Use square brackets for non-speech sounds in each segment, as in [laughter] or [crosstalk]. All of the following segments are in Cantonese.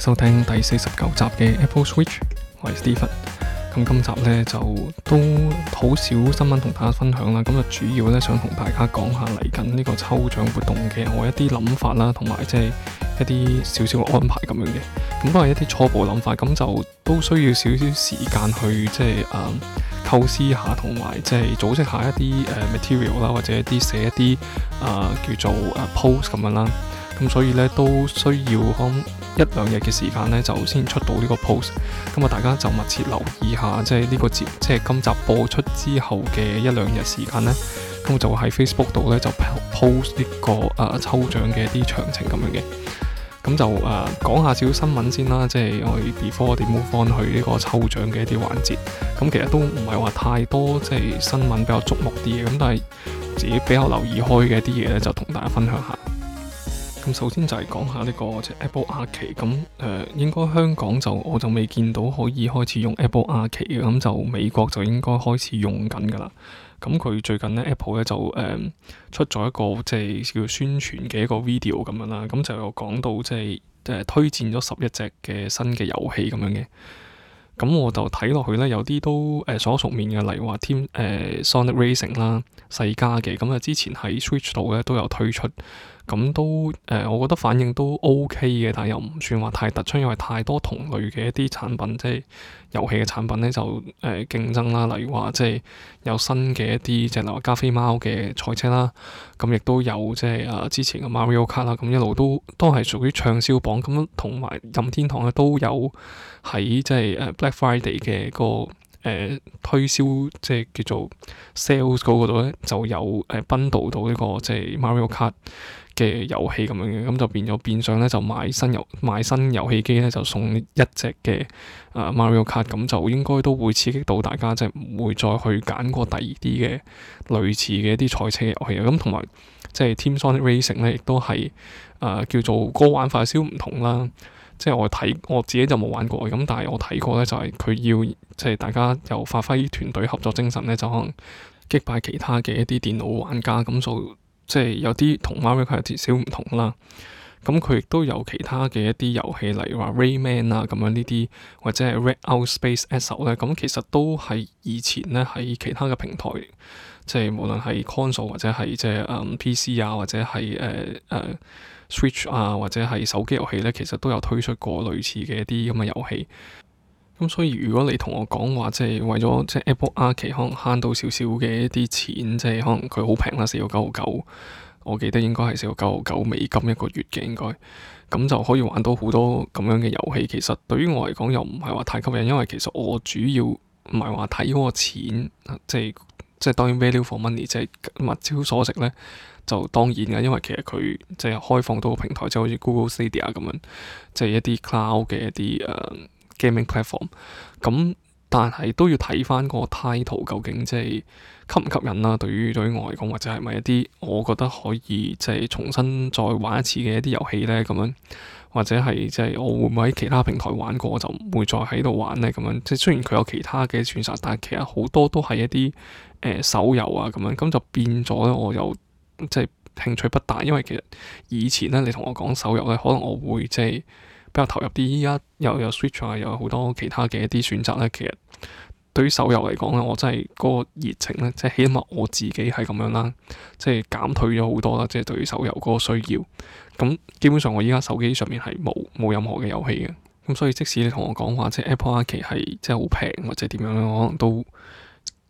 收、so, 聽第四十九集嘅 Apple Switch，我係 Steven。咁今集呢就都好少新聞同大家分享啦。咁就主要呢，想同大家講下嚟緊呢個抽獎活動嘅我一啲諗法啦，同埋即係一啲少少嘅安排咁樣嘅。咁、嗯、都係一啲初步嘅諗法，咁就都需要少少時間去即係誒構思下，同埋即係組織一下一啲誒、呃、material 啦，或者一啲寫一啲啊、呃、叫做啊 post 咁樣啦。咁、嗯、所以呢，都需要、嗯一兩日嘅時間咧，就先出到呢個 post。咁啊，大家就密切留意下，即係呢個節，即係今集播出之後嘅一兩日時間咧，咁我就喺 Facebook 度咧就 post 呢、這個啊抽獎嘅一啲詳情咁樣嘅。咁就啊講、呃、下少少新聞先啦，即係我哋 before 我哋 move on 去呢個抽獎嘅一啲環節。咁其實都唔係話太多，即係新聞比較觸目啲嘅。咁但係自己比較留意開嘅一啲嘢咧，就同大家分享下。首先就係講下呢個即係 Apple Arcade，咁誒，應該香港就我就未見到可以開始用 Apple Arcade 嘅，咁，就美國就應該開始用緊噶啦。咁佢最近咧 Apple 咧就誒、呃、出咗一個即係叫宣傳嘅一個 video 咁樣啦。咁就有講到即係誒推薦咗十一隻嘅新嘅遊戲咁樣嘅。咁我就睇落去咧，有啲都誒所、呃、熟面嘅，例如話添誒 Sonic Racing 啦。世家嘅咁啊，之前喺 Switch 度咧都有推出，咁都誒、呃，我覺得反應都 OK 嘅，但係又唔算話太突出，因為太多同類嘅一啲產品，即係遊戲嘅產品咧就誒競、呃、爭啦。例如話即係有新嘅一啲，即係例如加菲貓嘅賽車啦，咁亦都有即係啊，之前嘅 Mario 卡啦，咁一路都都係屬於暢銷榜咁，同埋任天堂咧都有喺即係誒 Black Friday 嘅、那個。誒、呃、推銷即係叫做 Sales 嗰度咧，就有誒奔、呃、到到、這、呢個即係、就是、Mario Kart 嘅遊戲咁樣嘅，咁就變咗變相咧就買新遊買新遊戲機咧就送一隻嘅啊、呃、Mario Kart，咁就應該都會刺激到大家即係唔會再去揀過第二啲嘅類似嘅一啲賽車遊戲啊，咁同埋即係 Team Sonic Racing 咧，亦都係啊叫做個玩快消唔同啦。即係我睇我自己就冇玩過嘅，咁但係我睇過咧，就係、是、佢要即係、就是、大家又發揮團隊合作精神咧，就可能擊敗其他嘅一啲電腦玩家，咁就即係有啲同 Mario 有少少唔同啦。咁佢亦都有其他嘅一啲遊戲，例如話 Rayman 啊，咁樣呢啲或者係 Redout Space Assault 咧，咁其實都係以前咧喺其他嘅平台，即係無論係 console 或者係即係 PC 啊，或者係誒誒。呃呃 Switch 啊，或者係手機遊戲呢，其實都有推出過類似嘅一啲咁嘅遊戲。咁所以如果你同我講話，即係為咗即係 Apple Arcade 可能慳到少少嘅一啲錢，即係可能佢好平啦，四個九毫九，我記得應該係四個九毫九美金一個月嘅應該，咁就可以玩到好多咁樣嘅遊戲。其實對於我嚟講又唔係話太吸引，因為其實我主要唔係話睇嗰個錢，即係即係當然 value for money，即係物超所值呢。就當然嘅，因為其實佢即係開放到個平台，即、就是、好似 Google Stadia 咁樣，即、就、係、是、一啲 cloud 嘅一啲誒、uh, gaming platform。咁但係都要睇翻個 title 究竟即係吸唔吸引啦、啊。對於對於我嚟講，或者係咪一啲我覺得可以即係重新再玩一次嘅一啲遊戲咧？咁樣或者係即係我會唔會喺其他平台玩過，我就唔會再喺度玩咧？咁樣即係雖然佢有其他嘅選擇，但係其實好多都係一啲誒、呃、手遊啊咁樣，咁就變咗咧，我又。即係興趣不大，因為其實以前咧，你同我講手遊咧，可能我會即係比較投入啲。依家又有，有 Switch 啊，又有好多其他嘅一啲選擇咧。其實對於手遊嚟講咧，我真係嗰個熱情咧，即係起碼我自己係咁樣啦，即係減退咗好多啦。即係對於手遊嗰個需要，咁基本上我依家手機上面係冇冇任何嘅遊戲嘅。咁所以即使你同我講話，即係 Apple Arcade 係即係好平或者點樣咧，我可能都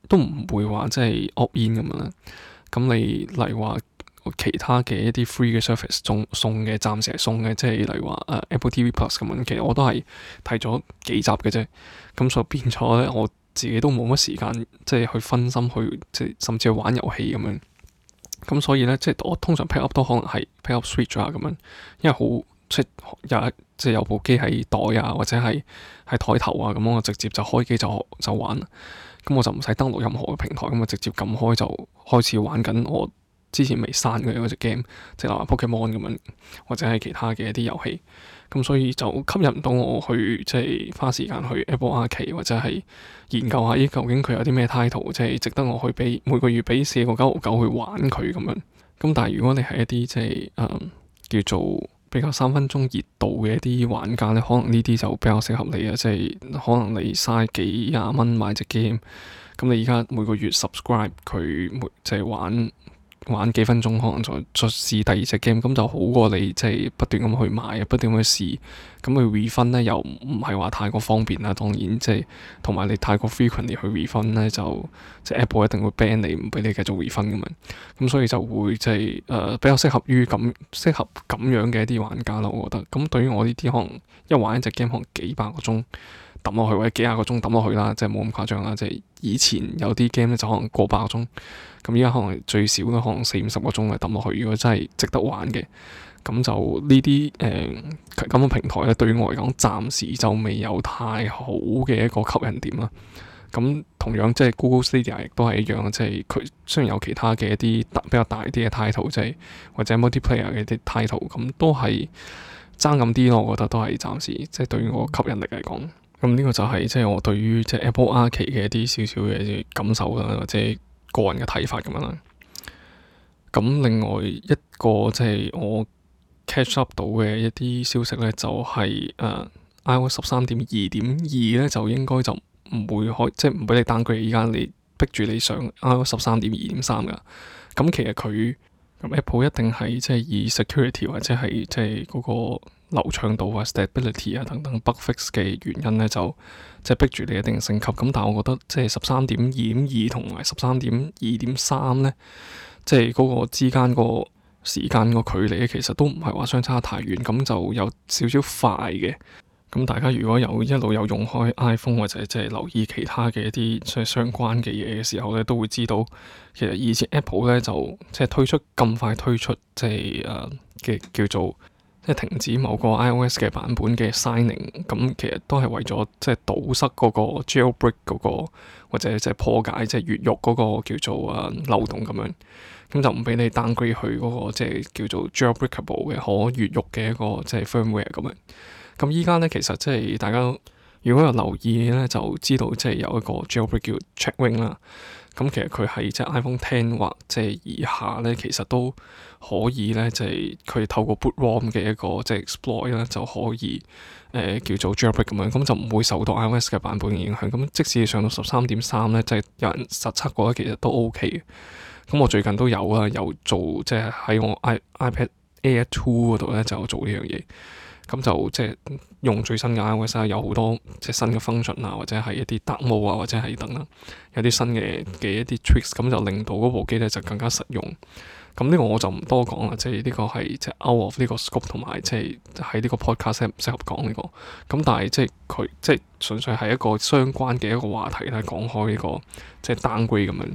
都唔會話即係 opt in 咁樣啦。咁你例如話。其他嘅一啲 free 嘅 service 送送嘅，暫時係送嘅，即係例如話誒、uh, Apple TV Plus 咁樣，其實我都係睇咗幾集嘅啫。咁所以變咗咧，我自己都冇乜時間，即係去分心去，即係甚至去玩遊戲咁樣。咁所以咧，即係我通常 pick up 都可能係 pick up Switch 啊咁樣，因為好即係有即係有部機喺袋啊，或者係喺台頭啊咁樣，我直接就開機就就玩。咁我就唔使登錄任何嘅平台，咁我直接撳開就開始玩緊我之前未刪嘅嗰隻 game，即係話《Pokemon》咁樣，或者係其他嘅一啲遊戲咁，所以就吸引到我去即係花時間去 Apple Arcade 或者係研究下，咦，究竟佢有啲咩 title，即係值得我去俾每個月俾四個九毫九去玩佢咁樣。咁但係如果你係一啲即係誒叫做比較三分鐘熱度嘅一啲玩家咧，可能呢啲就比較適合你啊。即係可能你嘥幾廿蚊買隻 game，咁你而家每個月 subscribe 佢，即係玩。玩幾分鐘，可能再再試第二隻 game，咁就好過你即係、就是、不斷咁去買，不斷去試，咁去 refund 咧又唔係話太過方便啦。當然即係同埋你太過 frequently 去 refund 咧，就即係、就是、Apple 一定會 ban 你，唔俾你繼續 refund 咁樣。咁所以就會即係誒比較適合於咁適合咁樣嘅一啲玩家咯，我覺得。咁對於我呢啲可能一玩一隻 game 可能幾百個鐘。抌落去或者幾廿個鐘抌落去啦，即係冇咁誇張啦。即係以前有啲 game 咧就可能過百個鐘，咁依家可能最少都可能四五十個鐘嚟抌落去。如果真係值得玩嘅，咁就呢啲誒咁嘅平台咧，對於我嚟講，暫時就未有太好嘅一個吸引點啦。咁同樣即係 Google Stadia 亦都係一樣即係佢雖然有其他嘅一啲比較大啲嘅 title，即係或者 Multiplayer 嘅啲 title，咁都係爭咁啲咯。我覺得都係暫時即係對於我吸引力嚟講。咁呢個就係即係我對於即係 Apple Arcade 嘅一啲少少嘅感受啦，或者個人嘅睇法咁樣啦。咁另外一個即係我 catch up 到嘅一啲消息咧，就係誒 iOS 十三點二點二咧，就應該就唔會可即係唔俾你 down 嘅。而家你逼住你上 iOS 十三點二點三噶。咁其實佢咁 Apple 一定係即係以 security 或者係即係嗰個。流暢度啊、stability 啊等等 bugfix 嘅 [noise] 原因呢，就即係逼住你一定升級。咁但係我覺得即係十三點二點二同埋十三點二點三呢，即係嗰個之間個時間個距離其實都唔係話相差太遠，咁就有少少快嘅。咁大家如果有一路有用開 iPhone 或者即係留意其他嘅一啲即係相關嘅嘢嘅時候呢，都會知道其實以前 Apple 呢，就即係推出咁快推出即係誒嘅叫做。即停止某個 iOS 嘅版本嘅 Signing，咁其實都係為咗即係堵塞嗰個 jailbreak 嗰、那個或者即係破解即係、就是、越獄嗰個叫做啊漏洞咁樣，咁就唔俾你 downgrade 去嗰、那個即係、就是、叫做 jailbreakable 嘅可越獄嘅一個即係、就是、firmware 咁樣。咁依家咧其實即係大家如果有留意咧，就知道即係有一個 jailbreak 叫 Checkwing 啦。Wing 咁、嗯、其實佢係即係 iPhone X 或即係以下咧，其實都可以咧、就是，即係佢透過 Boot ROM 嘅一個即係 exploit 咧，就可以誒、呃、叫做 jailbreak 咁樣，咁、嗯、就唔會受到 iOS 嘅版本影響。咁、嗯、即使上到十三點三咧，即係有人實測過咧，其實都 OK 嘅。咁、嗯、我最近都有啊，有做即係喺我 i, iPad Air Two 度咧，就有做呢樣嘢。咁就即係用最新嘅 iOS 有好多即係新嘅 function 啊，或者係一啲特務啊，或者係等等。有啲新嘅嘅一啲 tricks，咁就令到嗰部機咧就更加實用。咁呢個我就唔多講啦，即係呢個係即係 out of 呢個 scope 同埋，即係喺呢個 podcast 唔適合講呢、呢個。咁但係即係佢即係純粹係一個相關嘅一個話題啦，講開呢個即係 downgrade 咁樣。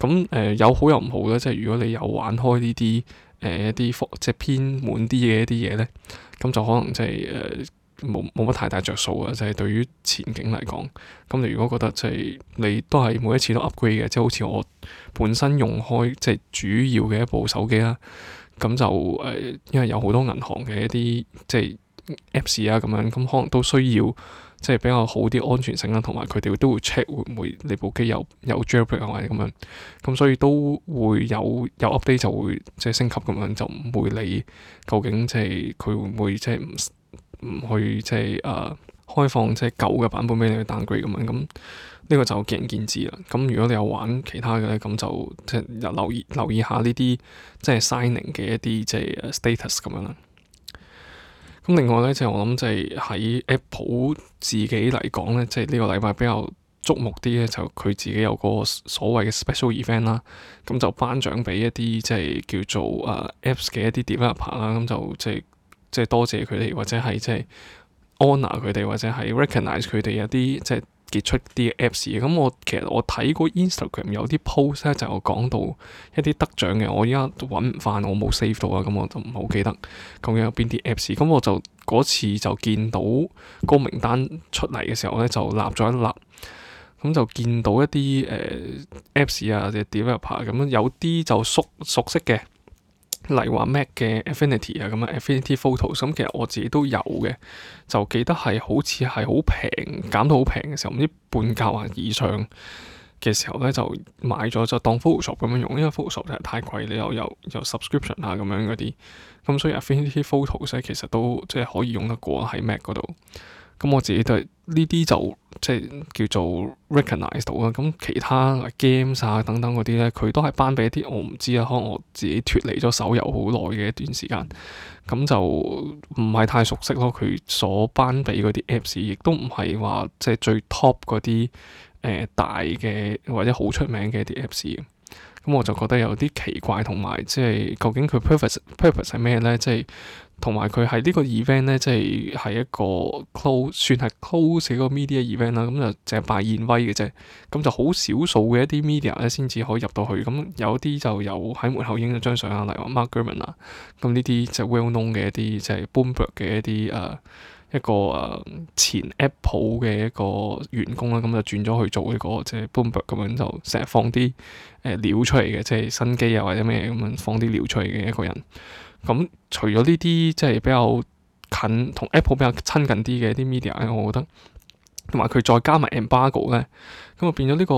咁誒、呃、有好有唔好咧，即、就、係、是、如果你有玩開呢啲誒一啲即係偏滿啲嘅一啲嘢咧。咁就可能即係誒冇冇乜太大着數啊！即係對於前景嚟講，咁你如果覺得即係你都係每一次都 upgrade 嘅，即係好似我本身用開即係主要嘅一部手機啦，咁就誒，因為有好多銀行嘅一啲即係 Apps 啊咁樣，咁可能都需要。即係比較好啲安全性啦，同埋佢哋都會 check 會唔會你部機有有 jailbreak 或者咁樣，咁所以都會有有 update 就會即係升級咁樣，就唔會理會究竟即係佢會唔會即係唔唔去即係誒、uh, 開放即係舊嘅版本俾你去 downgrade 咁樣，咁呢個就見仁見智啦。咁如果你有玩其他嘅咧，咁就即係留意留意下呢啲即係 signing 嘅一啲即係、uh, status 咁樣啦。咁另外咧就係我諗就係喺 Apple 自己嚟講咧，即係呢個禮拜比較觸目啲咧，就佢自己有個所謂嘅 special event 啦。咁就頒獎俾一啲即係叫做啊 Apps 嘅一啲 developer 啦、就是。咁就即係即係多謝佢哋，或者係即係 honour 佢哋，或者係 recognize 佢哋一啲即係。傑出啲 Apps 嘅，咁我其實我睇過 Instagram 有啲 post 咧，就是、講到一啲得獎嘅，我依家都揾唔翻，我冇 save 到啊，咁我就唔好記得究竟有邊啲 Apps。咁我就嗰次就見到個名單出嚟嘅時候咧，就立咗一立，咁就見到一啲誒、uh, Apps 啊，或者 developer 咁樣，有啲就熟熟悉嘅。例如話 Mac 嘅 Affinity 啊，咁樣 Affinity Photos，咁其實我自己都有嘅，就記得係好似係好平，減到好平嘅時候，唔知半價或以上嘅時候咧，就買咗就當 Photoshop 咁樣用，因為 Photoshop 就係太貴，你又又又 subscription 啊咁樣嗰啲，咁所以 Affinity Photos 咧其實都即係可以用得過喺 Mac 嗰度。咁我自己都係呢啲就即係叫做 recognise 到啦。咁其他 games 啊等等嗰啲咧，佢都係頒俾一啲我唔知啊。可能我自己脫離咗手遊好耐嘅一段時間，咁就唔係太熟悉咯。佢所頒俾嗰啲 apps 亦都唔係話即係最 top 嗰啲誒大嘅或者好出名嘅啲 apps 嘅。咁我就覺得有啲奇怪同埋，即係究竟佢 purpose purpose 係咩咧？即係同埋佢係呢個 event 咧，即係係一個 close，算係 close 嘅一個 media event 啦。咁就淨係拜燕威嘅啫。咁就好少數嘅一啲 media 咧，先至可以入到去。咁有啲就有喺門口影咗張相啊。例如話 Mark Gurman 啊，咁呢啲即係 well known 嘅一啲，即係 Bloomberg 嘅一啲誒、呃、一個誒、呃、前 Apple 嘅一個員工啦。咁就轉咗去做呢、那個即係 Bloomberg 咁樣，就成日放啲誒、呃、料出嚟嘅，即、就、係、是、新機又或者咩咁樣放啲料出嚟嘅一個人。咁、嗯、除咗呢啲即係比較近同 Apple 比較親近啲嘅一啲 media 咧，我覺得同埋佢再加埋 Embargo 咧，咁啊變咗呢個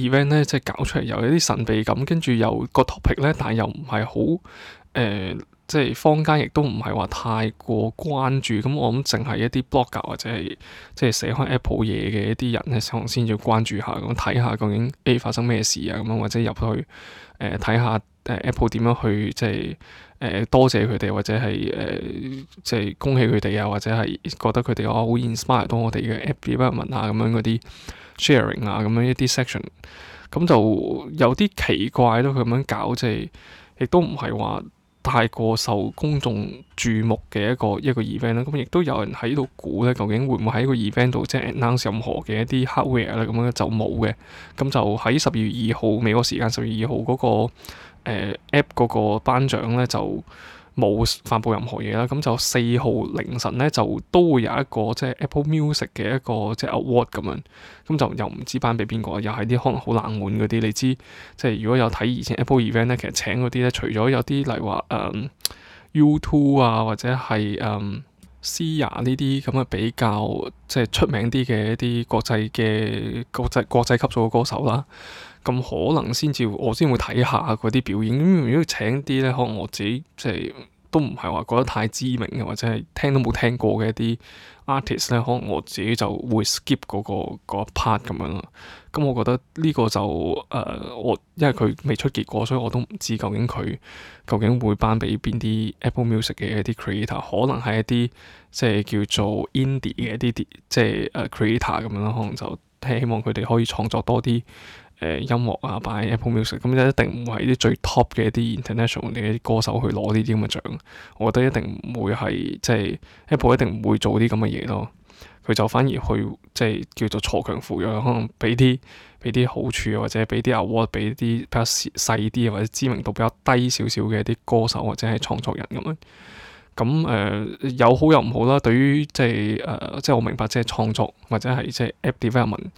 event 咧，即係搞出嚟有一啲神秘感，跟住又個 topic 咧，但係又唔係好誒，即係坊間亦都唔係話太過關注。咁我諗淨係一啲 blogger 或者係即係寫開 Apple 嘢嘅一啲人咧，先至會關注下咁睇下究竟 A 發生咩事啊咁樣或者入去誒睇下。呃看看 Apple 點樣去即係誒多謝佢哋，或者係誒即係恭喜佢哋啊，或者係覺得佢哋啊好 inspire 到我哋嘅 app development 啊，咁樣嗰啲 sharing 啊，咁樣一啲 section，咁、啊、就有啲奇怪咯，佢、啊、咁樣搞，即係亦都唔係話太過受公眾注目嘅一個一個 event 咧、啊。咁亦都有人喺度估咧，究竟會唔會喺個 event 度即係 announce 任何嘅一啲 hardware 咧、啊？咁樣就冇嘅。咁、啊、就喺十二月二號美國時間十二月二號嗰個。誒、呃、App 嗰個頒獎咧就冇發布任何嘢啦，咁就四號凌晨咧就都會有一個即係 Apple Music 嘅一個即係 Award 咁樣，咁就又唔知頒俾邊個，又係啲可能好冷門嗰啲，你知即係如果有睇以前 Apple Event 咧，其實請嗰啲咧除咗有啲例如話誒、嗯、U2 啊或者係誒、嗯、Sia 呢啲咁嘅比較即係出名啲嘅一啲國際嘅國際國際級數嘅歌手啦。咁可能先至，我先會睇下嗰啲表演。咁如果請啲咧，可能我自己即係都唔係話覺得太知名嘅，或者係聽都冇聽過嘅一啲 artist 咧，可能我自己就會 skip 嗰個嗰一 part 咁樣咯。咁我覺得呢個就誒，我因為佢未出結果，所以我都唔知究竟佢究竟會頒俾邊啲 Apple Music 嘅一啲 creator，可能係一啲即係叫做 indie 嘅一啲即係誒 creator 咁樣咯，可能就希望佢哋可以創作多啲。誒音樂啊，擺 Apple Music，咁、嗯、就一定唔係啲最 top 嘅啲 international 嘅歌手去攞呢啲咁嘅獎。我覺得一定唔會係即係 Apple 一定唔會做啲咁嘅嘢咯。佢就反而去即係叫做鋤強扶弱，可能俾啲俾啲好處，或者俾啲 award 俾啲比較細啲，或者知名度比較低少少嘅啲歌手或者係創作人咁樣。咁誒、呃、有好有唔好啦。對於即係誒，即係、呃、我明白即係創作或者係即係 app development。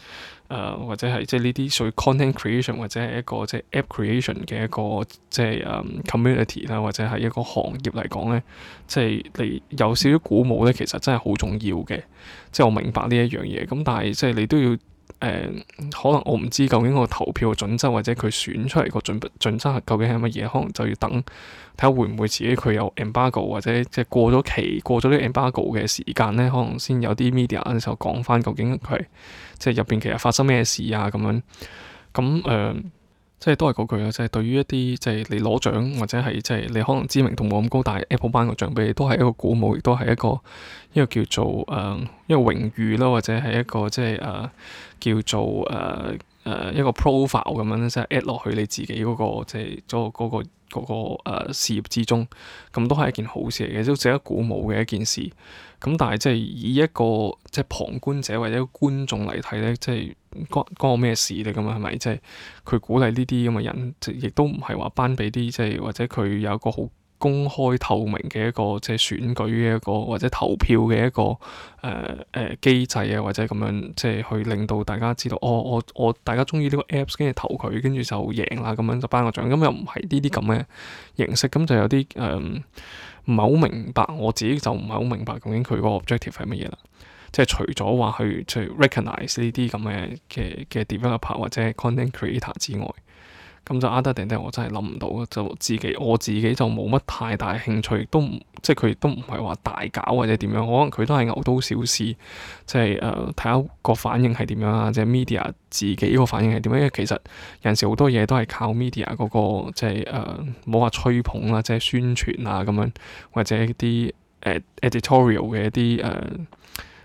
誒、uh, 或者係即係呢啲屬於 content creation 或者係一個即係 app creation 嘅一個即係、um, community 啦，或者係一個行業嚟講咧，即係你有少少鼓舞咧，其實真係好重要嘅。即係我明白呢一樣嘢，咁但係即係你都要誒、呃，可能我唔知究竟個投票嘅準則或者佢選出嚟個準準則究竟係乜嘢，可能就要等睇下會唔會自己佢有 embargo 或者即係過咗期過咗啲 embargo 嘅時間咧，可能先有啲 media 嘅時候講翻究竟佢。即係入邊其實發生咩事啊咁樣，咁誒、呃，即係都係嗰句啦，即係對於一啲即係你攞獎或者係即係你可能知名度冇咁高，但係 Apple 頒個獎俾你，都係一個鼓舞，亦都係一個一個叫做誒、呃、一個榮譽啦，或者係一個即係誒叫做誒。呃誒一個 profile 咁樣即係 add 落去你自己嗰、嗰個即係做嗰個嗰、嗰個、呃、事業之中，咁都係一件好事嚟嘅，都值得鼓舞嘅一件事。咁但係即係以一個即係、即係、旁觀者或者觀眾嚟睇咧，即係關關我咩事嚟咁啊係咪？即係佢鼓勵呢啲咁嘅人，亦都唔係話頒俾啲即係或者佢有一個好。公開透明嘅一個即係選舉嘅一個或者投票嘅一個誒誒、呃呃、機制啊，或者咁樣即係去令到大家知道，哦我我大家中意呢個 apps，跟住投佢，跟住就贏啦，咁樣就頒個獎。咁又唔係呢啲咁嘅形式，咁就有啲誒唔係好明白。我自己就唔係好明白究竟佢嗰個 objective 係乜嘢啦。即係除咗話去去 recognize 呢啲咁嘅嘅嘅 developer 或者 content creator 之外。咁就啱得定定，我真係諗唔到，就自己我自己就冇乜太大興趣，都唔，即係佢都唔係話大搞或者點樣，可能佢都係牛刀小試，即係誒睇下個反應係點樣啊，即係 media 自己個反應係點樣，因為其實有陣時好多嘢都係靠 media 嗰、那個即係誒，冇話吹捧啦，即係宣傳啊咁樣，或者啲誒、呃、editorial 嘅一啲誒。呃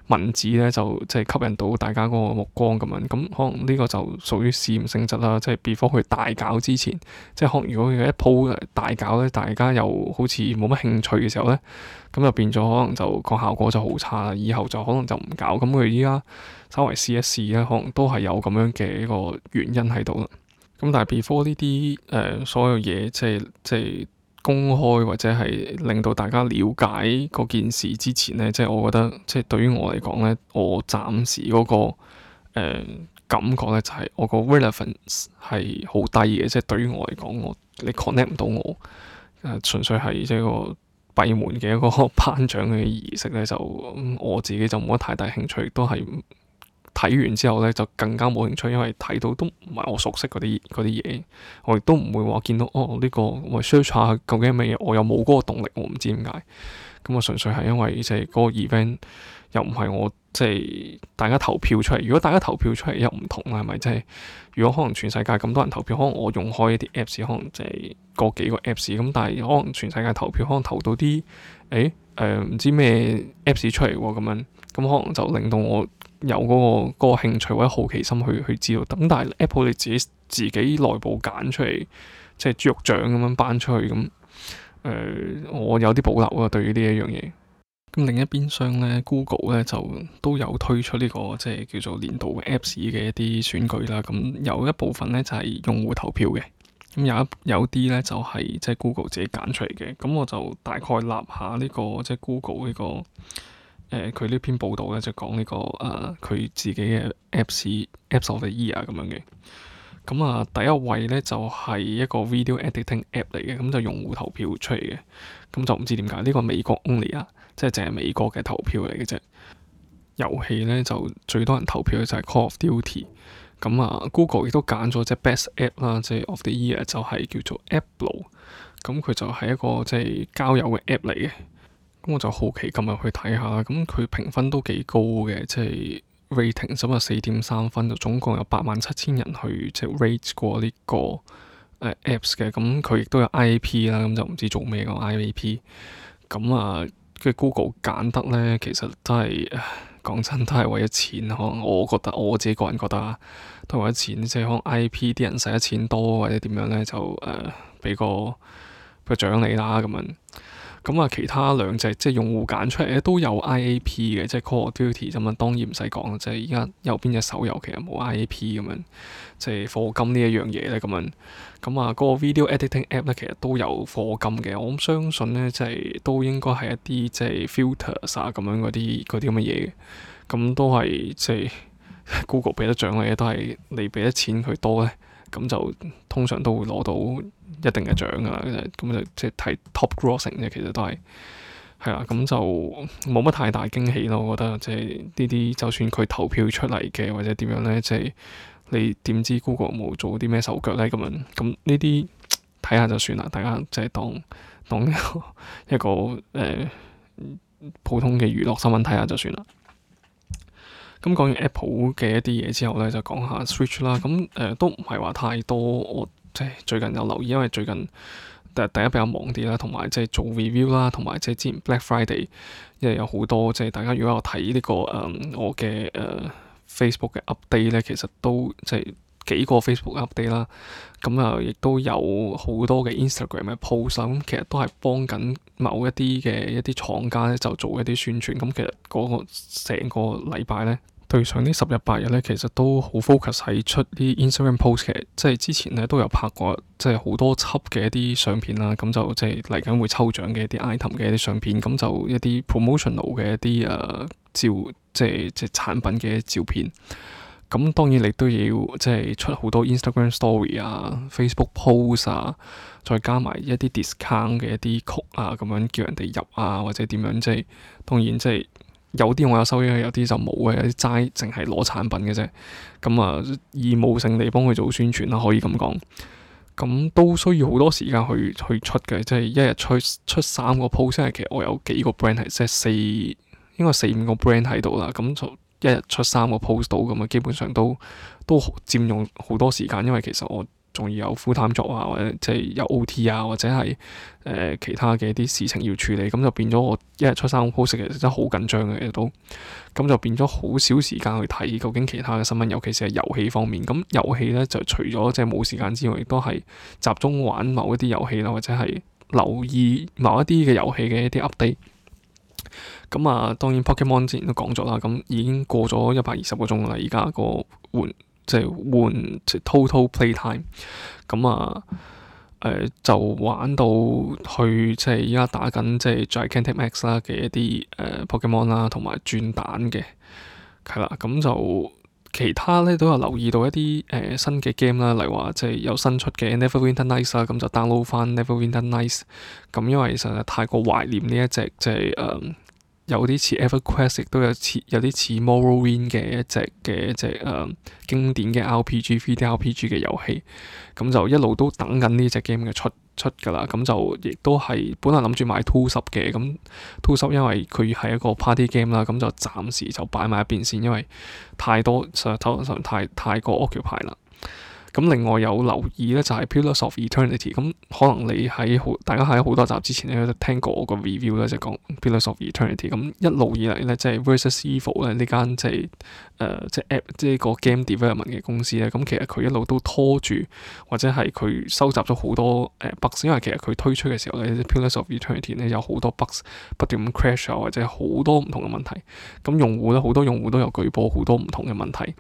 文字咧就即係吸引到大家嗰個目光咁樣，咁可能呢個就屬於試驗性質啦，即係 before 佢大搞之前，即可能如果佢一鋪大搞咧，大家又好似冇乜興趣嘅時候咧，咁就變咗可能就個效果就好差啦，以後就可能就唔搞，咁佢而家稍微試一試咧，可能都係有咁樣嘅一個原因喺度啦。咁但係 before 呢啲誒所有嘢即係即係，公開或者係令到大家了解嗰件事之前咧，即係我覺得，即係對於我嚟講咧，我暫時嗰個呃感覺咧，就係我個 relevance 係好低嘅，即係對於我嚟講，我你 connect 唔到我，誒純粹係即係個閉門嘅一個頒獎嘅儀式咧，就，嗯，我自己就冇乜太大興趣，都係。睇完之後咧，就更加冇興趣，因為睇到都唔係我熟悉嗰啲嗰啲嘢，我亦都唔會話見到哦呢、呢個我 search 下究竟係乜嘢，我又冇嗰個動力，我唔知點解。咁、嗯、啊，純粹係因為即係嗰、嗰個 event 又唔係我即係大家投票出嚟。如果大家投票出嚟又唔同啦，係咪即係？如果可能全世界咁多人投票，可能我用開一啲 apps，可能即係嗰幾個 apps 咁，但係可能全世界投票，可能投到啲誒誒唔知咩 apps 出嚟喎，咁樣咁可能就令到我。有嗰、那個嗰個興趣或者好奇心去去知道，咁但係 Apple 你自己自己內部揀出嚟，即係豬肉獎咁樣搬出去咁。誒、呃，我有啲保留啊對於呢一樣嘢。咁另一邊廂咧，Google 咧就都有推出呢、這個即係叫做年度嘅 Apps 嘅一啲選舉啦。咁有一部分咧就係、是、用戶投票嘅，咁有，有一有啲咧就係、是、即係 Google 自己揀出嚟嘅。咁我就大概立下呢個即係 Google 呢個。誒佢呢篇報道咧就講、是、呢、這個誒佢、啊、自己嘅 apps apps of the year 咁樣嘅，咁啊第一位咧就係、是、一個 video editing app 嚟嘅，咁就用戶投票出嚟嘅，咁就唔知點解呢個美國 only 啊，即係淨係美國嘅投票嚟嘅啫。遊戲咧就最多人投票嘅就係 Call of Duty，咁啊 Google 亦都揀咗隻 best app 啦，即係 of the year 就係叫做 Ablo，咁佢就係一個即係、就是、交友嘅 app 嚟嘅。咁我就好奇，今日去睇下啦。咁佢評分都幾高嘅，即係 rating，十日四點三分，就總共有八萬七千人去即係 rate 過呢個 apps 嘅。咁佢亦都有 IAP 啦，咁就唔知做咩咯 IAP。咁啊，跟 Google 揀得咧，其實真係誒，講真都係為咗錢。可能我覺得我自己個人覺得都為咗錢，即係可能 IAP 啲人使得錢多或者點樣咧，就誒俾、呃、個個獎你啦咁樣。咁啊，其他兩隻即係用戶揀出嚟咧都有 IAP 嘅，即係 Call of Duty 咁啊，當然唔使講啦，即係而家右邊隻手遊其實冇 IAP 咁樣，即係課金呢一樣嘢咧咁樣。咁啊，嗰個 Video Editing App 咧其實都有課金嘅，我諗相信咧即係都應該係一啲即係 filters 啊咁樣嗰啲嗰啲咁嘅嘢，咁都係即係 Google 俾得獎勵都係你俾得錢佢多咧，咁就通常都會攞到。一定嘅獎㗎啦，咁就即係睇 Top Grossing 啫。其實都係係啊，咁就冇乜太大驚喜咯。我覺得即係呢啲，就算佢投票出嚟嘅，或者點樣咧，即係你點知 Google 冇做啲咩手腳咧？咁樣咁呢啲睇下就算啦。大家即係當當一個一個、呃、普通嘅娛樂新聞睇下就算啦。咁講完 Apple 嘅一啲嘢之後咧，就講下 Switch 啦。咁誒、呃、都唔係話太多我。最近有留意，因為最近大家比較忙啲啦，同埋即係做 review 啦，同埋即係之前 Black Friday 因為有好多即係、就是、大家如果有睇呢、呢個誒、嗯、我嘅誒、呃、Facebook 嘅 update 咧，其實都即係幾個 Facebook update 啦。咁啊，亦都有好多嘅 Instagram 嘅 post，咁其實都係幫緊某一啲嘅一啲廠家咧，就做一啲宣傳。咁其實嗰個成個禮拜咧。對上呢十日八日咧，其實都好 focus 喺出啲 Instagram post 嘅，即係之前咧都有拍過，即係好多輯嘅一啲相片啦。咁就即係嚟緊會抽獎嘅一啲 item 嘅一啲相片，咁就一啲 promotional 嘅一啲誒、啊、照，即係即係產品嘅照片。咁當然你都要即係出好多 Instagram story 啊、Facebook post 啊，再加埋一啲 discount 嘅一啲曲啊，咁樣叫人哋入啊，或者點樣即係當然即係。有啲我有收益，有啲就冇嘅，有啲齋淨係攞產品嘅啫。咁啊，義務性地幫佢做宣傳啦，可以咁講。咁都需要好多時間去去出嘅，即係一日出出三個 post。因為其實我有幾個 brand 係，即係四應該四五個 brand 喺度啦。咁就一日出三個 post 到咁啊，基本上都都佔用好多時間，因為其實我。仲要有 full time 工作啊，或者即係有 O.T. 啊，或者係誒、呃、其他嘅一啲事情要處理，咁就變咗我一日出三個 post，其實真係好緊張嘅，亦都，咁就變咗好少時間去睇究竟其他嘅新聞，尤其是係遊戲方面。咁遊戲咧就除咗即係冇時間之外，亦都係集中玩某一啲遊戲啦，或者係留意某一啲嘅遊戲嘅一啲 update。咁啊，當然 Pokemon 之前都講咗啦，咁已經過咗一百二十個鐘啦，而家個玩。即係換、就是、total playtime，咁啊誒、呃、就玩到去即係依家打緊即係、就、在、是、Gigantamax 啦嘅一啲誒、呃、Pokemon 啦同埋轉蛋嘅係啦，咁就其他咧都有留意到一啲誒、呃、新嘅 game 啦，例如話即係有新出嘅 Neverwinter Nights 啦，咁就 download 翻 Neverwinter Nights，咁因為實在太過懷念呢一隻即係誒。就是呃有啲似 Everquest，都有似有啲似 Morrowind 嘅一隻嘅一隻誒、啊、經典嘅 RP RPG、3D RPG 嘅遊戲，咁就一路都等緊呢隻 game 嘅出出噶啦，咁就亦都係本來諗住買 Two 十嘅，咁 Two 十因為佢係一個 party game 啦，咁就暫時就擺埋一邊先，因為太多實質上，上，上，上太太過 occupy 啦。咁另外有留意咧，就係《Pillars of Eternity》。咁可能你喺好，大家喺好多集之前咧都聽過我個 review 咧，就講《Pillars of Eternity》。咁一路以嚟咧，即係 Versus Evil 咧呢間即係誒即係 app 即係個 game development 嘅公司咧。咁其實佢一路都拖住，或者係佢收集咗好多誒 bug，因為其實佢推出嘅時候咧，《Pillars of Eternity》咧有好多 bug 不斷咁 crash，啊或者好多唔同嘅問題，咁用戶咧好多，用戶都有舉報好多唔同嘅問題，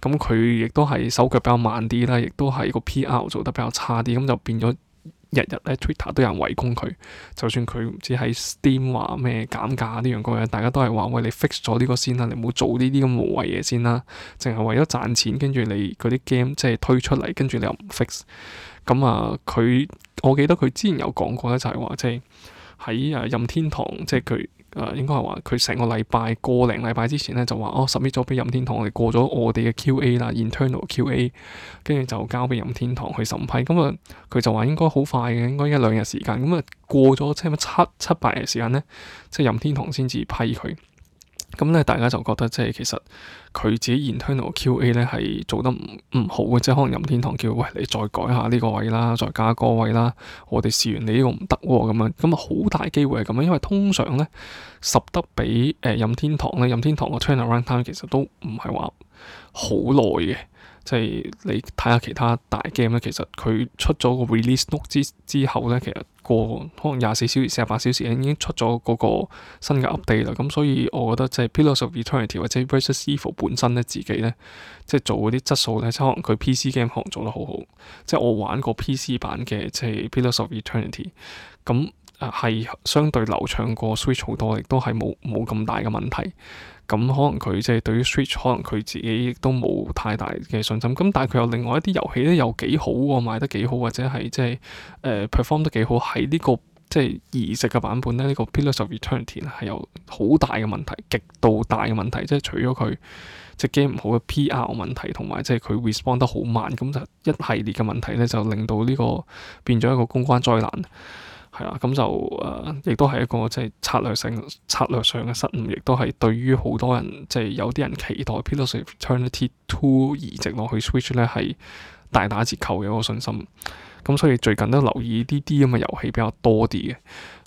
咁佢亦都係手腳比較慢啲啦。亦都係個 P.R. 做得比較差啲，咁就變咗日日咧 Twitter 都有人圍攻佢。就算佢唔知喺 Steam 話咩減價呢樣嘢，大家都係話：喂，你 fix 咗呢個先啦，你唔好做呢啲咁無謂嘢先啦。淨係為咗賺錢，跟住你嗰啲 game 即係推出嚟，跟住你又唔 fix。咁啊，佢我記得佢之前有講過咧，就係話即係喺啊任天堂，即係佢。誒應該係話佢成個禮拜、過零禮拜之前呢，就話哦，submit 咗畀任天堂，我哋過咗我哋嘅 QA 啦，internal QA，跟住就交畀任天堂去審批。咁、嗯、啊，佢、嗯、就話應該好快嘅，應該一兩日時間。咁、嗯、啊，過咗即係乜七七八日時間呢，即係任天堂先至批佢。咁咧，大家就覺得即係其實佢自己 internal QA 咧係做得唔唔好嘅，即係可能任天堂叫，喂，你再改下呢個位啦，再加個位啦，我哋試完你呢個唔得喎咁樣。咁啊好大機會係咁樣，因為通常咧十得俾誒任天堂咧，任天堂個 turnaround time 其實都唔係話好耐嘅。即係你睇下其他大 game 咧，其實佢出咗個 release note 之之，之後咧，其實過可能廿四小時、四十八小時已經出咗嗰個新嘅 update 啦。咁、嗯、所以我覺得即係《Pillars of Eternity》或者《Versus Evil》本身咧，自己咧即係做嗰啲質素咧，即係可能佢 PC game 可能做得好好。即係我玩過 PC 版嘅即係《Pillars of Eternity》咁。係相對流暢過 Switch 好多，亦都係冇冇咁大嘅問題。咁可能佢即係對於 Switch，可能佢自己亦都冇太大嘅信心。咁但係佢有另外一啲遊戲咧，又幾好喎，賣得幾好，或者係即係誒 perform 得幾好。喺呢個即係移植嘅版本咧，呢個 Pillars of Eternity 係有好大嘅問題，極度大嘅問題。即係除咗佢隻 game 唔好嘅 PR 問題，同埋即係佢 respond 得好慢，咁就一系列嘅問題咧，就令到呢個變咗一個公關災難。係啊，咁就誒，亦都係一個即係策略性、策略上嘅失誤，亦都係對於好多人即係、就是、有啲人期待《Pillars of Eternity 2》移植落去 Switch 咧係大打折扣嘅一個信心。咁所以最近都留意呢啲咁嘅遊戲比較多啲嘅，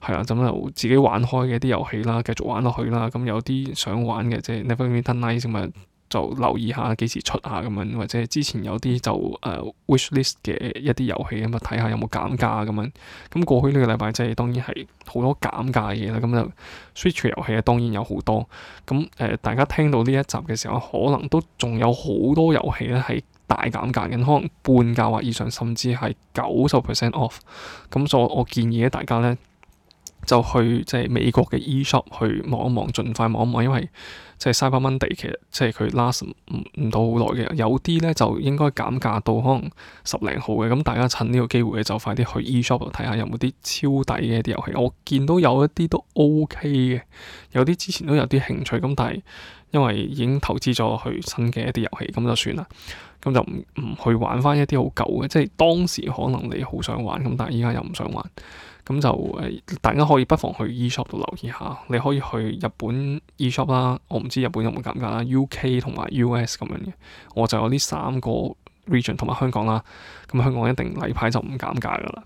係啊，咁就自己玩開嘅啲遊戲啦，繼續玩落去啦。咁有啲想玩嘅即係《Neverwinter Nights》咪。就留意下幾時出下咁樣，或者之前有啲就誒、uh, wishlist 嘅一啲遊戲咁啊，睇下有冇減價咁樣。咁過去呢個禮拜即係當然係好多減價嘢啦。咁就 Switch 遊戲啊，當然有好多咁誒、呃。大家聽到呢一集嘅時候，可能都仲有好多遊戲咧，係大減價嘅，可能半價或以上，甚至係九十 percent off。咁所以我建議咧，大家咧。就去即係美國嘅 eShop 去望一望，盡快望一望，因為即係 Cyber Monday，其實即係佢 last 唔唔到好耐嘅。有啲咧就應該減價到可能十零號嘅，咁大家趁呢個機會咧就快啲去 eShop 度睇下有冇啲超抵嘅一啲遊戲。我見到有一啲都 OK 嘅，有啲之前都有啲興趣，咁但係因為已經投資咗去新嘅一啲遊戲，咁就算啦。咁就唔唔去玩翻一啲好舊嘅，即係當時可能你好想玩，咁但係依家又唔想玩。咁就誒、呃，大家可以不妨去 eShop 度留意下。你可以去日本 eShop 啦，我唔知日本有冇減價啦。UK 同埋 US 咁樣嘅，我就有呢三個 region 同埋香港啦。咁香港一定例牌就唔減價㗎喇。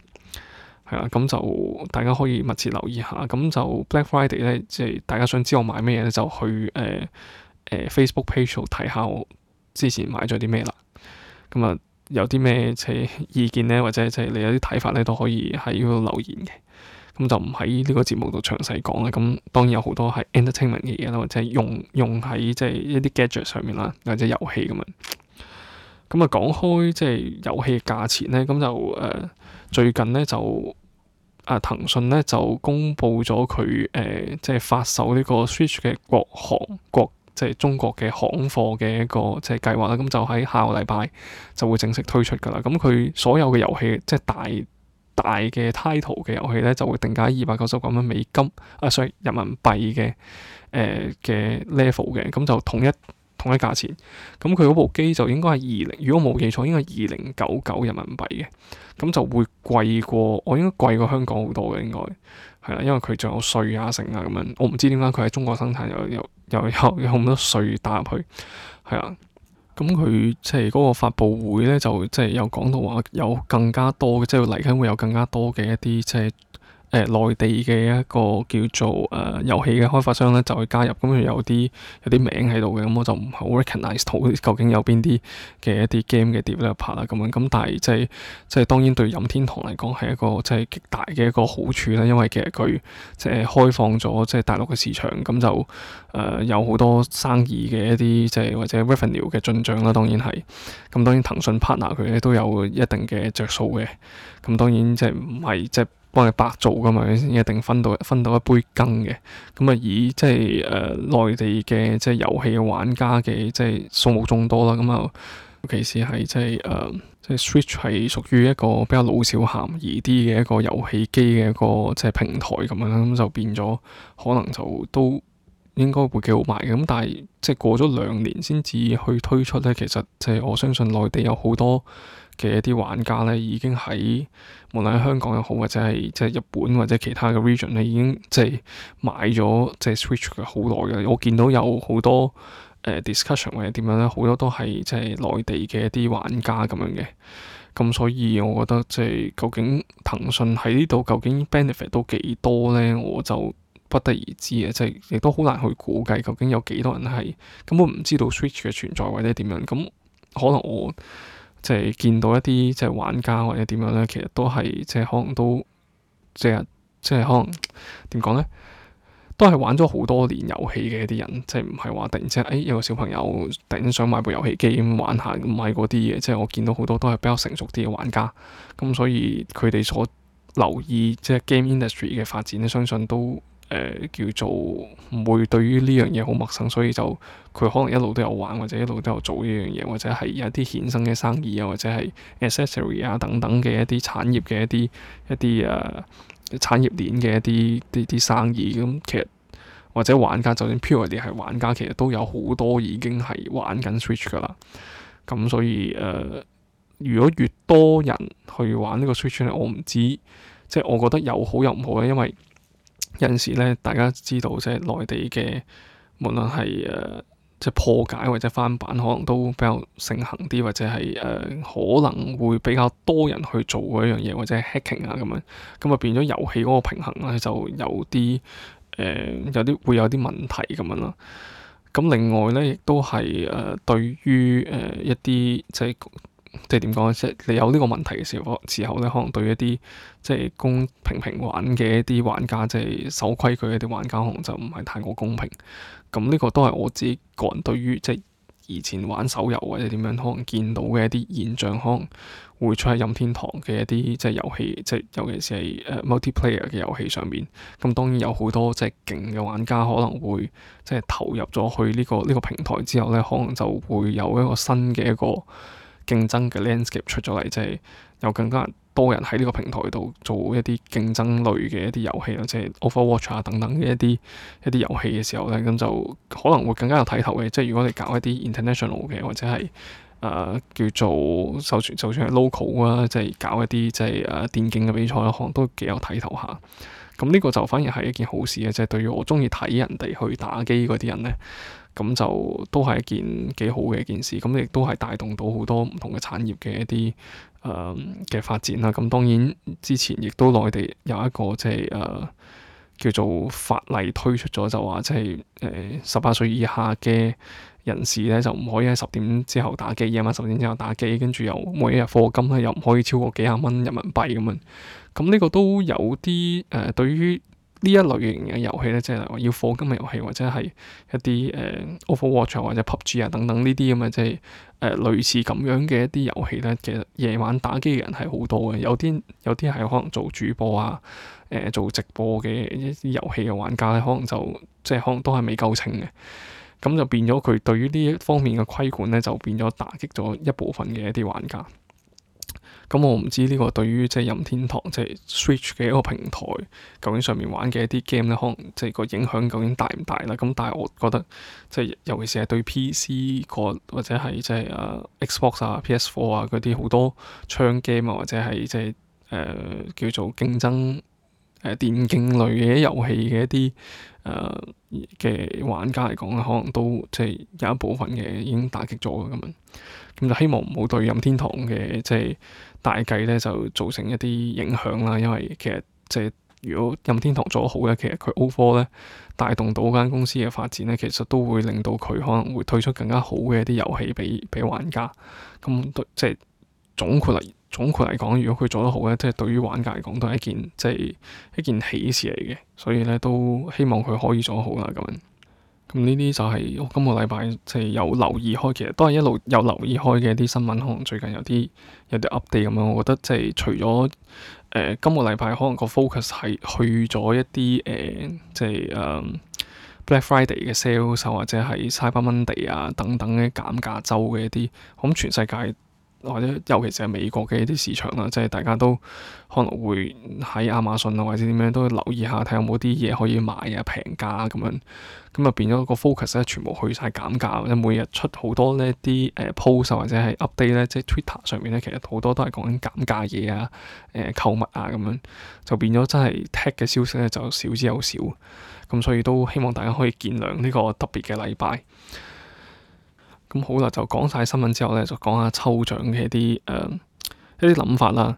係喇，咁就大家可以密切留意下。咁就 Black Friday 咧，即係大家想知我買咩嘢咧，就去誒誒、呃呃、Facebook Page 度睇下我之前買咗啲咩啦。咁啊～有啲咩意見呢？或者即係你有啲睇法呢，都可以喺嗰度留言嘅。咁就唔喺呢個節目度詳細講啦。咁當然有好多係 entertainment 嘅嘢啦，或者用用喺即係一啲 gadget 上面啦，或者遊戲咁樣。咁啊，講開即係遊戲價錢呢，咁就誒、呃、最近呢就，就啊騰訊呢，就公布咗佢誒即係發售呢個 Switch 嘅國行國，即係中國嘅行貨嘅一個即係計劃啦，咁就喺下個禮拜就會正式推出噶啦。咁佢所有嘅遊戲，即係大大嘅 title 嘅遊戲咧，就會定價二百九十九蚊美金啊，sorry 人民幣嘅誒嘅 level 嘅，咁就統一統一價錢。咁佢嗰部機就應該係二零，如果冇記錯應該係二零九九人民幣嘅，咁就會貴過我，應該貴過香港好多嘅應該。因為佢仲有稅啊、成啊咁樣，我唔知點解佢喺中國生產又又又有有咁多稅打入去，係啊，咁佢即係嗰個發佈會咧，就即係有講到話有更加多嘅，即係嚟緊會有更加多嘅一啲，即係。誒內、呃、地嘅一個叫做誒遊戲嘅開發商咧，就去加入，咁佢有啲有啲名喺度嘅，咁、嗯、我就唔係好 recognize 到究竟有邊啲嘅一啲 game 嘅碟咧拍啦咁樣。咁、嗯、但係即係即係當然對任天堂嚟講係一個即係極大嘅一個好處咧，因為其實佢即係開放咗即係大陸嘅市場，咁、嗯、就誒、呃、有好多生意嘅一啲即係或者 revenue 嘅進帳啦。當然係，咁、嗯、當然騰訊 partner 佢咧都有一定嘅着數嘅。咁當然即係唔係即係。即即即即幫你白做㗎嘛，一定分到分到一杯羹嘅。咁、嗯、啊，以、呃、內即係誒內地嘅即係遊戲玩家嘅即係數目眾多啦。咁、嗯、啊，尤其是係即係誒、呃、即係 Switch 係屬於一個比較老少咸宜啲嘅一個遊戲機嘅一個即係平台咁樣啦。咁、嗯、就變咗可能就都應該會幾好賣嘅。咁、嗯、但係即係過咗兩年先至去推出咧，其實即係我相信內地有好多。嘅一啲玩家咧，已經喺無論喺香港又好，或者係即係日本或者其他嘅 region 咧，已經即係買咗即係 Switch 嘅好耐嘅。我見到有好多誒、呃、discussion 或者點樣咧，好多都係即係內地嘅一啲玩家咁樣嘅。咁所以我覺得即係究竟騰訊喺呢度究竟 benefit 到幾多咧，我就不得而知啊！即係亦都好難去估計究竟有幾多人係根本唔知道 Switch 嘅存在或者點樣。咁可能我。即係見到一啲即係玩家或者點樣咧，其實都係即係可能都即係即係可能點講咧，都係玩咗好多年遊戲嘅啲人，即係唔係話突然之間誒有個小朋友突然想買部遊戲機咁玩下，唔係嗰啲嘢。即係我見到好多都係比較成熟啲嘅玩家，咁所以佢哋所留意即係 game industry 嘅發展，相信都。誒、呃、叫做唔會對於呢樣嘢好陌生，所以就佢可能一路都有玩，或者一路都有做呢樣嘢，或者係一啲衍生嘅生意啊，或者係 accessory 啊等等嘅一啲產業嘅一啲一啲啊產業鏈嘅一啲啲啲生意咁、嗯，其實或者玩家就算 pure 啲係玩家，其實都有好多已經係玩緊 Switch 噶啦。咁、嗯、所以誒、呃，如果越多人去玩呢個 Switch 咧，我唔知即係我覺得有好有唔好咧，因為。有陣時咧，大家知道即係內地嘅，無論係誒、呃、即係破解或者翻版，可能都比較盛行啲，或者係誒、呃、可能會比較多人去做一樣嘢，或者係 hacking 啊咁樣，咁啊變咗遊戲嗰個平衡咧就有啲誒、呃、有啲會有啲問題咁樣囉。咁另外咧亦都係誒、呃、對於誒、呃、一啲即係。即係點講咧？即係你有呢個問題嘅時候，時候咧可能對一啲即係公平平玩嘅一啲玩家，即係守規矩嘅一啲玩家，可能就唔係太過公平。咁呢個都係我自己個人對於即係以前玩手遊或者點樣，可能見到嘅一啲現象，可能會出喺任天堂嘅一啲即係遊戲，即係尤其是係誒、uh, multiplayer 嘅遊戲上面。咁當然有好多即係勁嘅玩家，可能會即係投入咗去呢個呢個平台之後咧，可能就會有一個新嘅一個。競爭嘅 landscape 出咗嚟，即係有更加多人喺呢個平台度做一啲競爭類嘅一啲遊戲啦，即係 Overwatch 啊等等嘅一啲一啲遊戲嘅時候咧，咁就可能會更加有睇頭嘅。即係如果你搞一啲 international 嘅，或者係誒叫做就算就算係 local 啊，即係搞一啲即係誒電競嘅比賽啦，可能都幾有睇頭下。咁呢個就反而係一件好事嘅，即係對於我鍾意睇人哋去打機嗰啲人咧。咁就都係一件幾好嘅一件事，咁亦都係帶動到好多唔同嘅產業嘅一啲誒嘅發展啦。咁當然之前亦都內地有一個即係誒叫做法例推出咗，就話即係誒十八歲以下嘅人士咧，就唔可以喺十點之後打機。夜晚十點之後打機，跟住又每一日課金咧又唔可以超過幾十蚊人民幣咁樣。咁呢個都有啲誒、呃、對於呢一類型嘅遊戲咧，即係話要課金嘅遊戲，或者係一啲誒《Overwatch》或者《PUBG》啊等等呢啲咁嘅，即係誒類似咁樣嘅一啲遊戲咧。其實夜晚打機嘅人係好多嘅，有啲有啲係可能做主播啊，誒、呃、做直播嘅一啲遊戲嘅玩家，可能就即係可能都係未夠秤嘅。咁就變咗佢對於呢一方面嘅規管咧，就變咗打擊咗一部分嘅一啲玩家。咁、嗯、我唔知呢個對於即係任天堂即係、就是、Switch 嘅一個平台究竟上面玩嘅一啲 game 咧，可能即係個影響究竟大唔大啦？咁但係我覺得即係、就是、尤其是係對 PC 個或者係即係啊 Xbox 啊 PS4 啊嗰啲好多槍 game 啊或者係即係誒叫做競爭誒、uh, 電競類嘅遊戲嘅一啲誒嘅玩家嚟講可能都即係、就是、有一部分嘅已經打擊咗咁樣。咁就希望唔好對任天堂嘅即係。就是大計咧就造成一啲影響啦，因為其實即係如果任天堂做得好嘅，其實佢 OFO 咧帶動到間公司嘅發展咧，其實都會令到佢可能會推出更加好嘅一啲遊戲俾俾玩家。咁即係總括嚟總括嚟講，如果佢做得好咧，即係對於玩家嚟講都係一件即係一件喜事嚟嘅。所以咧都希望佢可以做得好啦咁樣。咁呢啲就係我今個禮拜即係有留意開，其實都係一路有留意開嘅一啲新聞，可能最近有啲有啲 update 咁樣，我覺得即係除咗誒、呃、今個禮拜可能個 focus 係去咗一啲誒，即係誒 Black Friday 嘅 sales 或者係 Cyber Monday 啊等等嘅減價周嘅一啲，我諗全世界，或者尤其是係美國嘅一啲市場啦，即係大家都可能會喺亞馬遜啊，或者點樣都要留意下睇有冇啲嘢可以買啊、平價啊咁樣，咁就變咗個 focus 咧，全部去晒減價，即係每日出好多呢啲誒 post 或者係 update 咧，即係 Twitter 上面咧，其實好多都係講緊減價嘢啊、誒、呃、購物啊咁樣，就變咗真係 tech 嘅消息咧就少之又少，咁所以都希望大家可以見諒呢個特別嘅禮拜。咁好啦，就講晒新聞之後咧，就講下抽獎嘅一啲誒、呃、一啲諗法啦。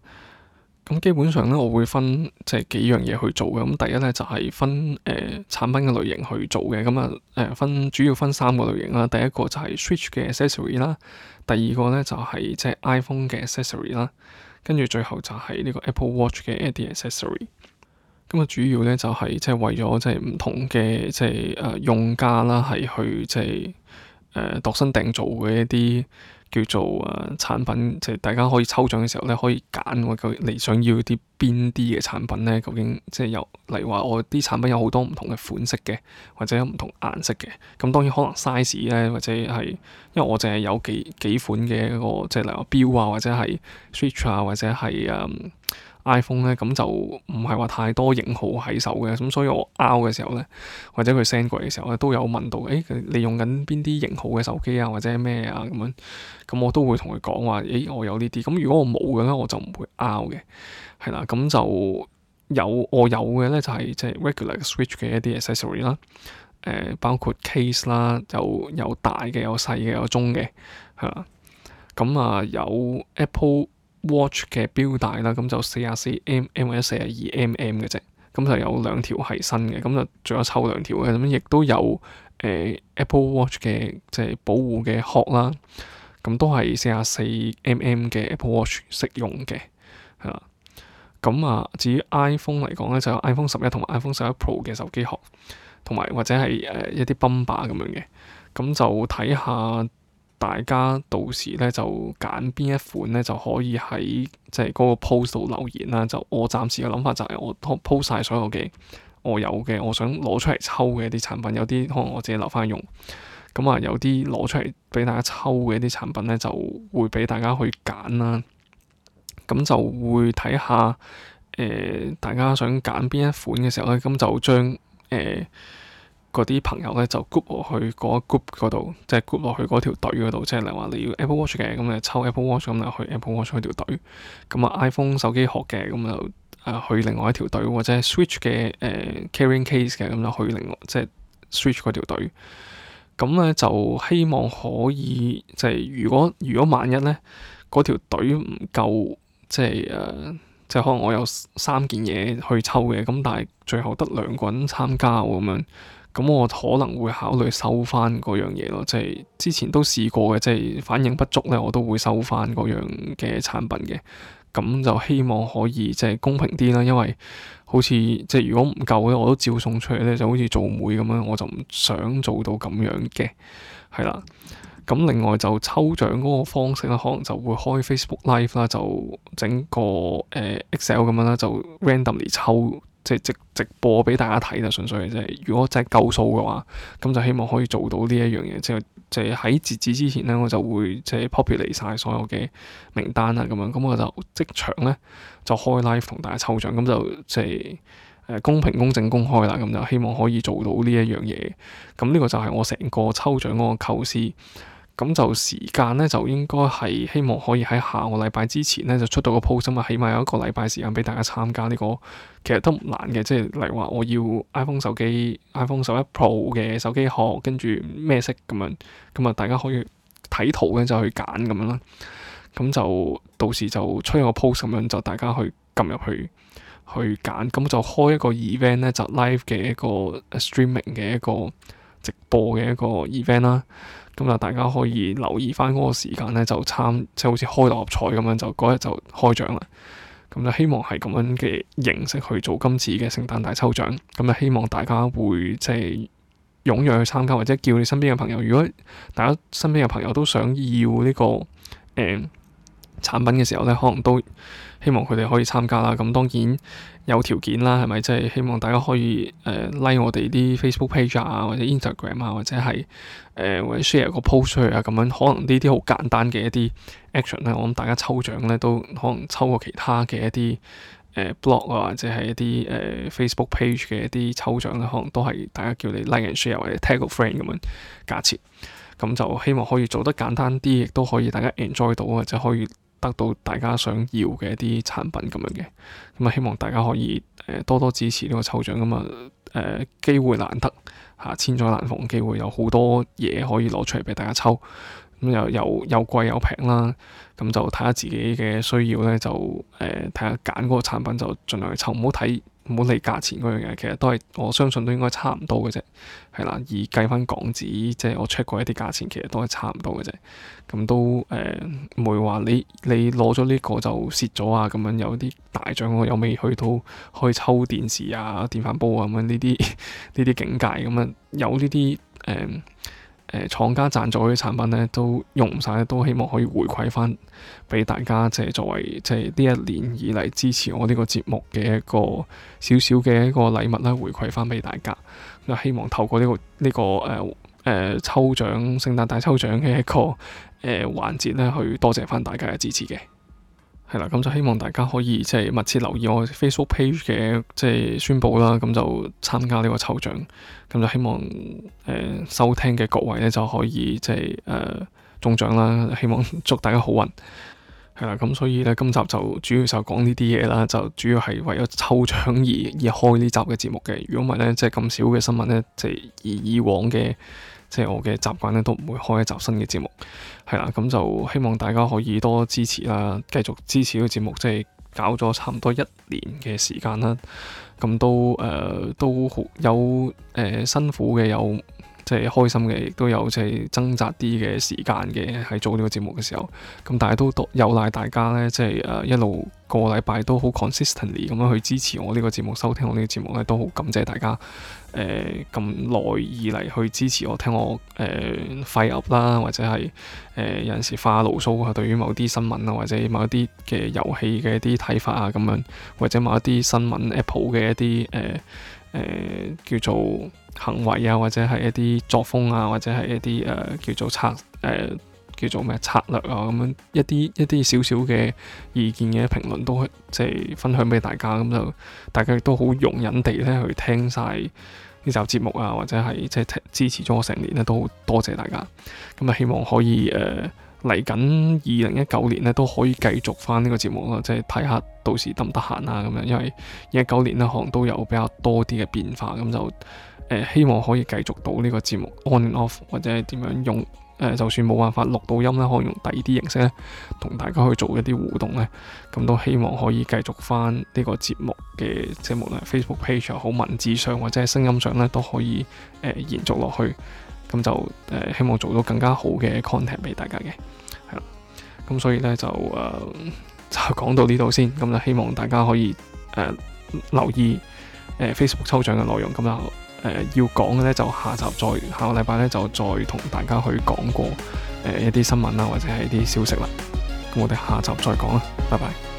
咁基本上咧，我會分即係幾樣嘢去做嘅。咁第一咧就係、是、分誒、呃、產品嘅類型去做嘅。咁啊、誒分主要分三個類型啦。第一個就係 Switch 嘅 accessory 啦，第二個咧就係、是、即係 iPhone 嘅 accessory 啦，跟住最後就係呢個 Apple Watch 嘅一啲 accessory。咁啊，主要咧就係、是、即係為咗即係唔同嘅即係誒、呃、用家啦，係去即係。誒、呃、度身定做嘅一啲叫做啊、呃、產品，即、就、係、是、大家可以抽獎嘅時候咧，可以揀我究竟你想要啲邊啲嘅產品咧？究竟即係有，例如話我啲產品有好多唔同嘅款式嘅，或者有唔同顏色嘅。咁當然可能 size 咧，或者係因為我淨係有幾幾款嘅一個即係，例如話錶啊，或者係 switch 啊，或者係。啊、嗯。iPhone 咧，咁就唔係話太多型號喺手嘅，咁所以我 out 嘅時候咧，或者佢 send 過嚟嘅時候咧，都有問到，誒、欸、你用緊邊啲型號嘅手機啊，或者咩啊咁樣，咁我都會同佢講話，誒、欸、我有呢啲，咁如果我冇嘅咧，我就唔會 out 嘅，係啦，咁就有我有嘅咧就係即係 regular switch 嘅一啲 accessory 啦、呃，誒包括 case 啦，有大有大嘅有細嘅，有中嘅，係啦，咁、嗯、啊有 Apple Watch 嘅表帶啦，咁就四十四 mm 或者四十二 mm 嘅啫，咁就有兩條係新嘅，咁就仲有抽兩條嘅，咁亦都有誒、呃、Apple Watch 嘅即係保護嘅殼啦，咁都係四十四 mm 嘅 Apple Watch 適用嘅，係啦。咁啊，至於 iPhone 嚟講咧，就有 iPhone 十一同埋 iPhone 十一 Pro 嘅手機殼，同埋或者係誒、呃、一啲 bumper 咁樣嘅，咁就睇下，大家到時咧就揀邊一款咧，就可以喺即係嗰個 post 度留言啦。就我暫時嘅諗法就係，我鋪晒所有嘅我有嘅，我想攞出嚟抽嘅啲產品，有啲可能我自己留翻用。咁啊，有啲攞出嚟俾大家抽嘅啲產品咧，就會俾大家去揀啦。咁就會睇下誒、呃，大家想揀邊一款嘅時候咧，咁就將誒、呃嗰啲朋友咧就 group 落去嗰 group 嗰度，即係 group 落去嗰條隊嗰度，即係例如話你要 Apple Watch 嘅，咁你抽 Apple Watch，咁就去 Apple Watch 嗰條隊。咁啊，iPhone 手機殼嘅，咁就啊去另外一條隊，或者 Switch 嘅誒、呃、carrying case 嘅，咁就去另外即係 Switch 嗰條隊。咁咧就希望可以，即係如果如果萬一咧，嗰條隊唔夠，即係誒，即係可能我有三件嘢去抽嘅，咁但係最後得兩個人參加喎，咁樣。咁我可能會考慮收翻嗰樣嘢咯，即係之前都試過嘅，即係反應不足咧，我都會收翻嗰樣嘅產品嘅。咁就希望可以即係公平啲啦，因為好似即係如果唔夠咧，我都照送出嚟咧，就好似做媒咁樣，我就唔想做到咁樣嘅，係啦。咁另外就抽獎嗰個方式咧，可能就會開 Facebook Live 啦，就整個誒、呃、Excel 咁樣啦，就 randomly 抽。即係直直播俾大家睇就純粹嘅啫。如果真係夠數嘅話，咁就希望可以做到呢一樣嘢，即係即係喺截止之前咧，我就會即係 populate 曬所有嘅名單啦，咁樣咁我就即場咧就開 live 同大家抽獎，咁就即係誒公平、公正、公開啦，咁就希望可以做到呢一樣嘢。咁呢個就係我成個抽獎嗰個構思。咁就時間咧，就應該係希望可以喺下個禮拜之前咧，就出到個 post 嘛，起碼有一個禮拜時間俾大家參加呢個，其實都唔難嘅。即係例如話，我要 iPhone 手機，iPhone 十一 Pro 嘅手機殼，跟住咩色咁樣，咁啊，大家可以睇圖嘅就去揀咁樣啦。咁就到時就出一個 post 咁樣，就大家去撳入去去揀。咁就開一個 event 咧，就 live 嘅一個 streaming 嘅一個直播嘅一個 event 啦。咁就大家可以留意翻嗰個時間咧，就參即係、就是、好似開六合彩咁樣，就嗰日就開獎啦。咁就希望係咁樣嘅形式去做今次嘅聖誕大抽獎。咁就希望大家會即係、就是、踴躍去參加，或者叫你身邊嘅朋友。如果大家身邊嘅朋友都想要呢、呢個誒。嗯產品嘅時候咧，可能都希望佢哋可以參加啦。咁當然有條件啦，係咪？即係希望大家可以誒 like 我哋啲 Facebook page 啊，或者 Instagram 啊，或者係誒或者 share 個 post 啊咁樣。可能呢啲好簡單嘅一啲 action 咧，我諗大家抽獎咧都可能抽過其他嘅一啲誒 blog 啊，或者係一啲誒 Facebook page 嘅一啲抽獎咧，可能都係大家叫你 like and share 或者 tag 個 friend 咁樣假設。咁就希望可以做得簡單啲，亦都可以大家 enjoy 到或者可以。得到大家想要嘅一啲產品咁樣嘅，咁啊，希望大家可以誒、呃、多多支持呢個抽獎咁，啊誒機會難得嚇、啊，千載難逢嘅機會，有好多嘢可以攞出嚟俾大家抽，咁又又又貴又平啦，咁就睇下自己嘅需要咧，就誒睇下揀嗰個產品就盡量去抽，唔好睇。唔好理價錢嗰樣嘢，其實都係我相信都應該差唔多嘅啫，係啦。而計翻港紙，即係我 check 過一啲價錢，其實都係差唔多嘅啫。咁都誒，唔會話你你攞咗呢個就蝕咗啊！咁樣有啲大獎，我有未去到可以抽電視啊、電飯煲啊咁樣呢啲呢啲境界咁樣有呢啲誒。呃誒、呃、廠家贊助嗰啲產品咧，都用唔晒，都希望可以回饋翻俾大家，即、即、係、係、作為即係呢一年以嚟支持我呢個節目嘅一個少少嘅一個禮物啦，回饋翻俾大家。咁希望透過呢、呢個呢、呢個誒誒抽獎聖誕大抽獎嘅一個誒環節咧，去多謝翻大家嘅支持嘅。係啦，咁就希望大家可以即係密切留意我 Facebook page 嘅即係宣佈啦，咁就參加呢個抽獎，咁就希望誒收聽嘅各位咧就可以即係誒中獎啦，希望祝大家好運。係啦，咁所以咧，今集就主要就講呢啲嘢啦。就主要係為咗抽獎而而開呢集嘅節目嘅。如果唔係咧，即係咁少嘅新聞咧，即係以往嘅即係我嘅習慣咧，都唔會開一集新嘅節目。係啦，咁就希望大家可以多多支持啦，繼續支持個節目。即係搞咗差唔多一年嘅時間啦，咁都誒都好有誒辛苦嘅有。即係開心嘅，亦都有即係掙扎啲嘅時間嘅，喺做呢個節目嘅時候。咁但係都有賴大家咧，即係誒一路個禮拜都好 consistently 咁樣去支持我呢個節目，收聽我呢個節目咧，都好感謝大家誒咁耐以嚟去支持我聽我誒廢噏啦，或者係誒、呃、有陣時發下牢騷啊，對於某啲新聞啊，或者某一啲嘅遊戲嘅一啲睇法啊，咁樣或者某一啲新聞 Apple 嘅一啲誒誒叫做。行為啊，或者係一啲作風啊，或者係一啲誒、呃、叫做策誒、呃、叫做咩策略啊，咁、嗯、樣一啲一啲少少嘅意見嘅評論都即係分享俾大家咁就、嗯、大家亦都好容忍地咧去聽晒呢集節目啊，或者係即係支持咗我成年咧，都好多謝大家咁啊、嗯。希望可以誒嚟緊二零一九年呢，都可以繼續翻呢個節目咯、嗯，即係睇下到時得唔得閒啊咁樣，因為二零一九年呢，可能都有比較多啲嘅變化咁、嗯、就。希望可以繼續到呢個節目 on and off，或者點樣用誒、呃，就算冇辦法錄到音啦，可以用第二啲形式咧，同大家去做一啲互動咧。咁都希望可以繼續返呢個節目嘅，即係無論 Facebook page 又好文字上，或者係聲音上咧，都可以誒、呃、延續落去。咁就誒、呃、希望做到更加好嘅 content 俾大家嘅，係啦。咁所以咧就誒、呃、就講到呢度先。咁就希望大家可以誒、呃、留意誒、呃、Facebook 抽獎嘅內容咁就。誒、呃、要講嘅咧，就下集再下個禮拜咧，就再同大家去講過誒、呃、一啲新聞啦，或者係一啲消息啦。咁我哋下集再講啦，拜拜。